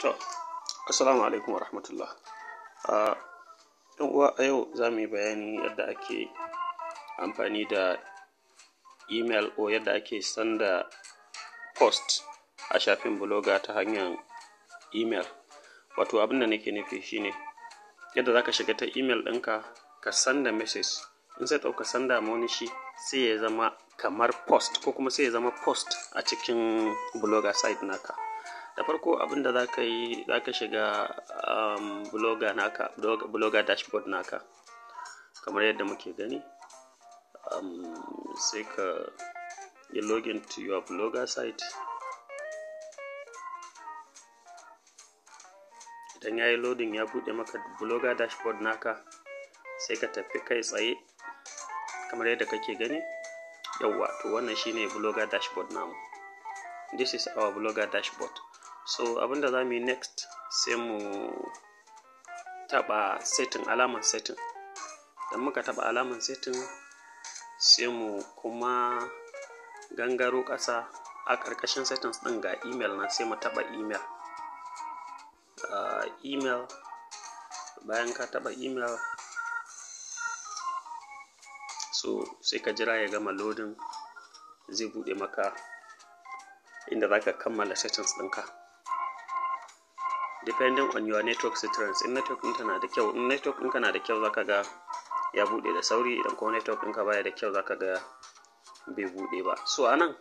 To, Assalamu alaikum wa rahmatullah. uwa a yau za mu yi bayani yadda ake amfani da email ko yadda ake sanda post a shafin bloga ta hanyar email. Wato abin da nake nufi shine yadda za ka shiga ta email ɗinka ka sanda message in sai ka sanda ma wani shi sai ya zama kamar post ko kuma sai ya zama post a cikin bloga site naka. da farko abin da za ka yi za ka shiga um, blogger naka blogger dashboard naka kamar yadda muke gani um, sai ka yi login to your blogger site idan ya yi loading ya buɗe maka blogger dashboard naka sai ka tafi kai tsaye kamar yadda kake gani yawwa to wannan shine blogger dashboard namu this is our blogger dashboard so abinda za mu yi next sai mu taɓa setting alaman setting idan muka taɓa alaman setting sai mu kuma gangaro ƙasa a ƙarƙashin settings ɗin ga email na sai mu taba email uh, email bayan ka taɓa email so sai ka jira ya gama loading zai buɗe maka inda za ka kammala settings ɗinka depending on your network settings in network ɗinka na da kyau in network ɗinka na da kyau zaka ga ya buɗe da sauri idan kuma network ɗinka baya da kyau zaka ga bai buɗe ba so anan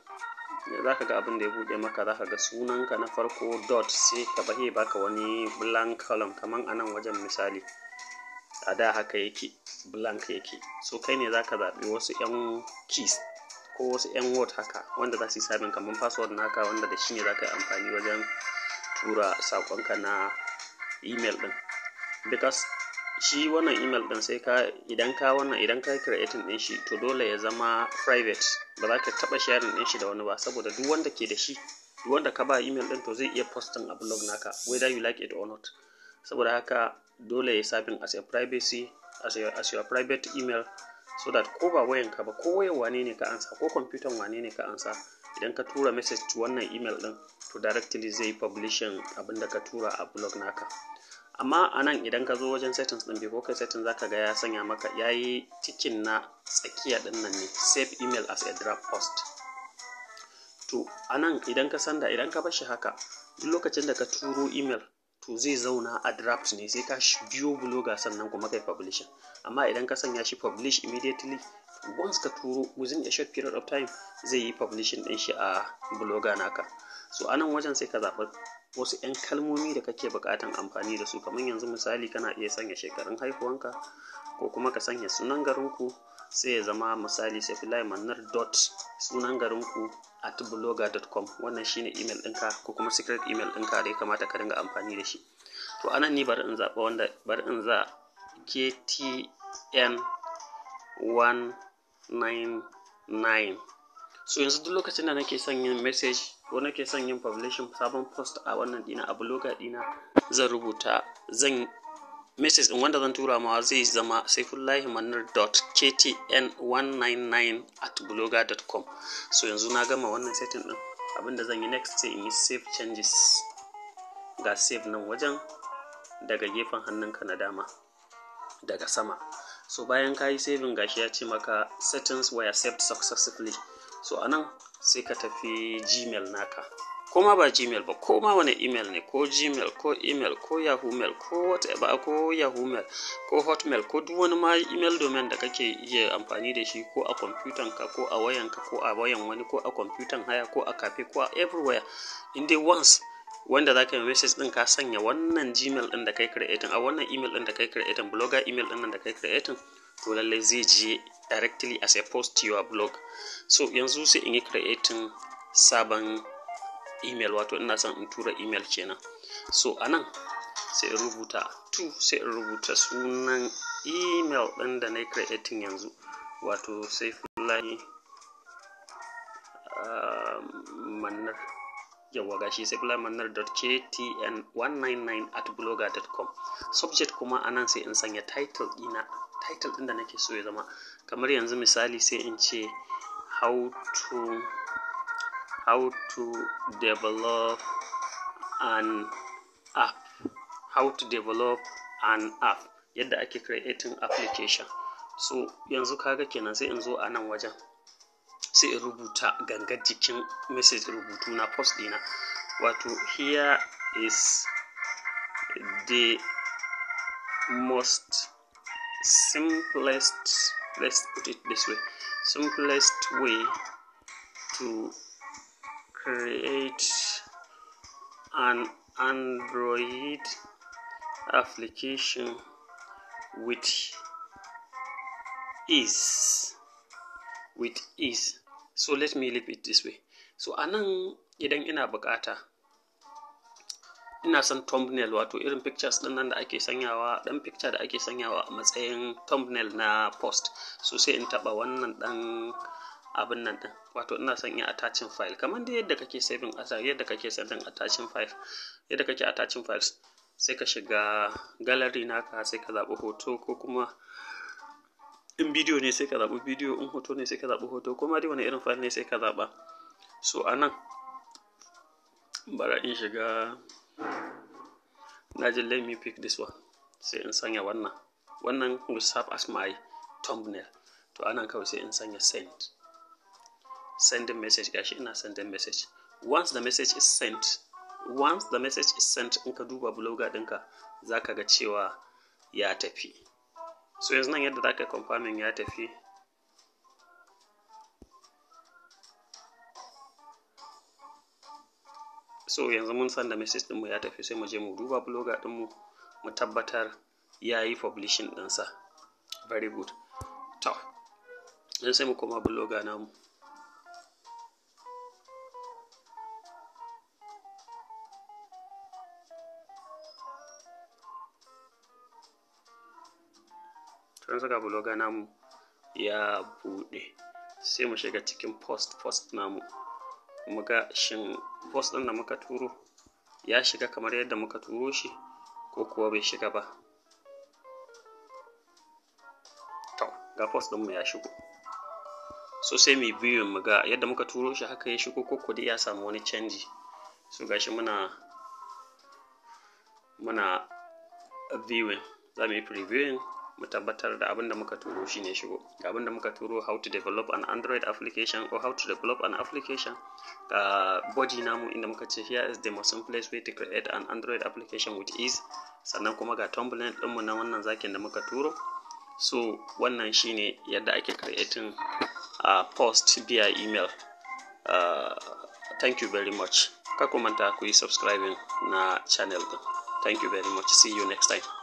zaka ga abin da ya buɗe maka zaka ga sunanka na farko dot sai ka bahe baka wani blank column kaman anan wajen misali a da haka yake blank yake so kai ne zaka zaɓi wasu 'yan keys ko wasu 'yan word haka wanda za su yi sabin kamar password naka wanda da shi ne za ka yi amfani wajen tura saƙonka na email ɗin because shi wannan email ɗin sai ka idan ka wannan idan ka creating ɗin shi to dole ya zama private ba za ka taɓa sharing ɗin shi da wani ba saboda duk wanda ke da shi duk wanda ka ba email ɗin to zai iya posting a blog naka whether you like it or not saboda haka dole ya sabin as a privacy as, a, as your private email so that ko ba wayanka ba ko wayan wane ne ka ansa ko kwamfutan wane ne ka ansa idan ka tura message to wannan email ɗin to directly zai publishing abin da ka tura a blog naka amma a nan idan ka zo wajen settings din before kai settings zaka ga ya sanya maka ya yi cikin na tsakiya din nan ne save email as a draft post to a nan idan ka sanda idan ka bashi haka duk lokacin da ka turo email to zai zauna a draft ne sai ka biyo bloga sannan kuma kai publishing amma idan ka sanya shi publish immediately once ka turo within a short period of time zai yi publishing din shi a blogger naka so a nan wajen sai ka zaɓi wasu 'yan kalmomi da kake buƙatan amfani da su kamar yanzu misali kana iya sanya shekarun haihuwanka ko kuma ka sanya sunan garinku sai ya zama misali safilai manar dot sunan garinku at blogger.com wannan shine email ɗinka ko kuma secret email ɗinka da ya kamata ka dinga amfani da shi to nan ni bari in zaɓa wanda bari in za ktn 199 so yanzu duk lokacin da nake son yin message ko nake son yin publishing sabon post a wannan dina a blogger dina zan rubuta zan message wanda zan tura ma zai zama saifullahimanarktn manar.ktn199 at blogger.com so yanzu na gama wannan setting din abinda zan yi next sai in yi save changes ga save nan wajen daga gefen hannun ka na dama daga sama so bayan ka yi saving gashi ya ce maka settings were saved successfully so anan sai ka tafi gmail naka ko ma ba gmail ba ko ma wani email ne ko gmail ko email ko yahoo mail ko whatever ko yahoo mail ko hotmail ko duk wani ma email domain da kake iya amfani da shi ko a kwamfutan ka ko a wayanka ko a wayan wani ko a kwamfutan haya ko a kafe ko a everywhere in once wanda za ka yi message ɗin ka sanya wannan gmail ɗin da kai creating a wannan email ɗin da kai creating blogger email ɗin da kai creating to lallai zai je directly as a post to your blog so yanzu sai in yi creating sabon email wato ina son in tura email kenan so anan sai in rubuta to sai in rubuta sunan email ɗin da na creating yanzu wato sai fulani um, ah, manar yawwa gashi sai kula manar jtn199 at blogger.com subject kuma anan sai in sanya title dina title din da nake so ya zama kamar yanzu misali sai in ce how to how to develop an app how to develop an app yadda ake creating application so yanzu kaga kenan sai in zo a nan wajen sai in rubuta gangar jikin message rubutu na post dina wato here is the most simplest let's put it this way simplest way to create an android application with ease with ease so let me leave it this way so a nan idan ina bukata ina son thumbnail wato irin pictures din nan da ake sanyawa dan picture da ake sanyawa a matsayin thumbnail na post so sai in taba wannan dan abin nan din wato ina son yin attaching file kamar da yadda kake saving as yadda kake saving attaching file yadda kake attaching files sai ka shiga gallery naka sai ka zaɓi hoto ko kuma in bidiyo ne sai ka zaɓi bidiyo in hoto ne sai ka zaɓi hoto kuma dai wani irin fari ne sai ka zaɓa so a nan bara in shiga na ji let me pick this one sai in sanya wannan wannan will serve as my thumbnail to anan kawai sai in sanya send send message gashi ina send message once the message is sent once the message is sent in ka duba blogger ɗinka za ka ga cewa ya tafi so yanzu nan yadda za ka confirming ya tafi so yanzu mun san da message ɗinmu ya tafi sai mu je mu duba blogger ɗinmu mu tabbatar ya yi publishing ɗinsa very good to sai mu koma blogger namu an saka blogger namu ya bude sai mu shiga cikin post post namu mu ga shin post ɗin da muka turo ya shiga kamar yadda muka turo shi ko kuwa bai shiga ba to ga post mu ya shigo so sai mu biyu mu ga yadda muka turo shi haka ya shigo ko kudi ya samu wani canji so gashi muna muna viewing za mu yi previewing mu tabbatar da abin da muka turo shi ne shigo ga abin da muka turo how to develop an android application or how to develop an application ga body namu inda muka ce here is the most simplest way to create an android application with ease sannan kuma ga tumbling ɗinmu na wannan zakin da muka turo so wannan shine yadda ake creating a post via email uh, thank you very much ka manta ku yi subscribing na channel din thank you very much see you next time